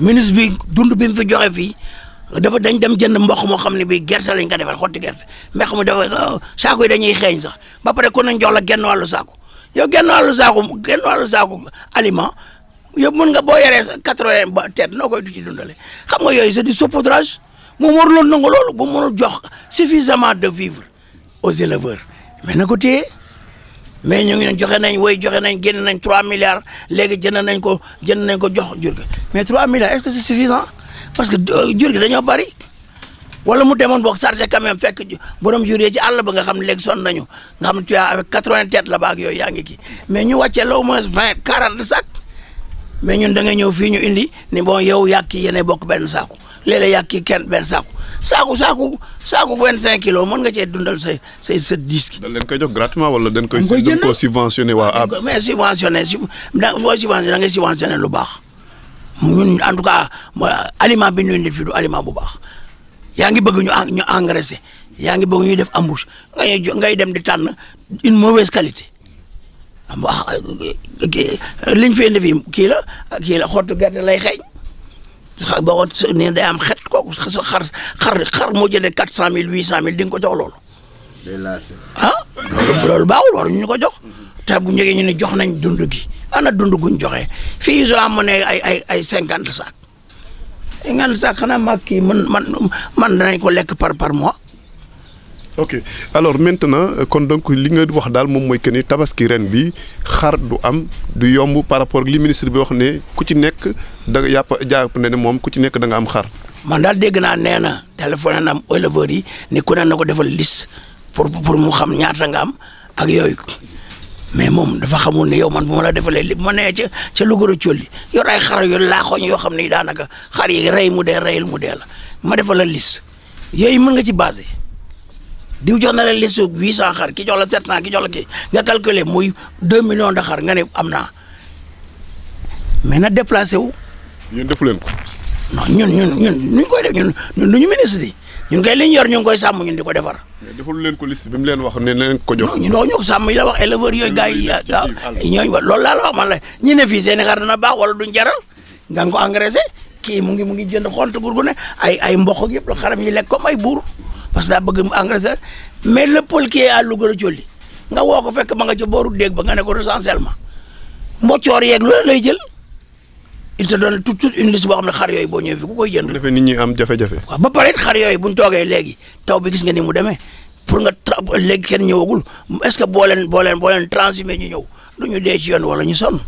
ministre bi dund bi mu joxe fii dafa dañ dem jënd mboq moo xam ne bii gerte lañ ko defal xotti gerte mbeq mu dafa oh, saako yi dañuy xeeñ sax ba pare ku nañ jox la genn wàllu saako yow genn wàllu saako genn wàllu saako aliment yow mën nga boo yoree sa quatre-vingts ba tête noo koy du ci dundale xam nga yooyu c'est du saupoudrage moom warul woon nangu loolu bu mënul jox suffisamment de vivre aux éleveurs mais na ko mais ñu ngi leen joxe nañ woy joxe nañ génn nañ 3 milliards léegi jënd nañ ko jënd nañ ko jox jur gi mais 3 milliards est-ce que c'est suffisant parce que euh, jur gi dañoo bari wala mu demoon boog chargé quand même fekk boroom jur yi ci àll ba nga xam ne léegi nañu nga xam ne tu as avec 80 têtes la baag yooyu yaa ngi kii mais ñu wàccee loo au moins 20 40 sacs mais ñun da ñëw fii ñu indi ni bon yow yaa kii yéenay bokk benn saako. léeg-léeg kii kenn benn saako saako saako saako bu 25 kilos mën nga cee dundal say say sa disque. dañ leen koy jox gratuitement wala dañ koy. dañ ko subventionné waa ab. mais subventionné su da foo subventionné da ngay subventionné lu baax ñun en tout cas aliment bi ñu indi du aliment bu baax yaa ngi bëgg ñu ñu engraissé yaa ngi bëgg ñu def embouche ngay ngay dem di tànn une mauvaise qualité. am wax ah, liñ fi indi fii kii la kii la xottu gerte lay xeeñ. boo ko nee day am xet kooku xar xar xar moo jëlee quatre cent mille huit cent mille di nga ko loolu. ah loolu baaxul waruñu ñu ko jox. te bu ñu ñu ne jox nañ dund gi ana dund guñ joxe fii ISRA mu ne ay ay ay cinquante sac. cinquante sac xanaa mag kii man man man danañ ko lekk par par mois. ok alors maintenant euh, kon donc li nga wax daal moom mooy que ni tabaski ren bi xar du am du yomb par rapport li ministre bi wax ne ku ci nekk da nga yàpp jàpp ne ne moom ku ci nekk da am xar. man daal dégg naa nee na téléphone na am éleveurs yi ne ku na ko defal liste pour pour mu xam ñaata nga am ak yooyu mais moom dafa xamul ne yow man bu ma la defalee li ma nee ca ca Louga Thiolli yor ay xar yu laaxoñ yoo xam ne daanaka xar yi rey mu dee reyul mu dee la ma defal la liste yooyu mën nga ci basé. diw jox na la liste huit cent xar ki jox la sept cent ki jox la ki nga calculer muy deux millions de xar nga ne am naa mais na déplacé wu. ñun defu leen ko. non ñun ñun ñun ñu koy def ñun ñun du ñu ministre yi ñun kay li ñu yor ñu ngi koy sàmm ñun di ko defar. mais leen ko liste bi mu wax ne leen ko jox. non ñun waxuñu ko sàmm yi la wax éleveurs yooyu gars ne fii i xar dana baax wala duñ jaral nga ko engraissé kii mu ngi mu ngi jënd xont gur gu ne ay ay mboq yëpp la xaram yi lekk comme ay buur. parce que daa bëgg mu engrais mais le pôle qui est à nga woo ko fekk ma nga booru déeg ba nga ne ko recensement mboccoor yeeg loolu lay jël il te donne tout toute une liste boo xam ne xar yooyu boo ñëwee fi ku koy jënd. bu nit ñi am jafe-jafe. waaw ba pare it xar yooyu bu taw bi gis nga ni mu demee pour nga tra léegi kenn ñëwagul est-ce que boo leen boo leen ñu ñëw du ñu wala ñu sonn.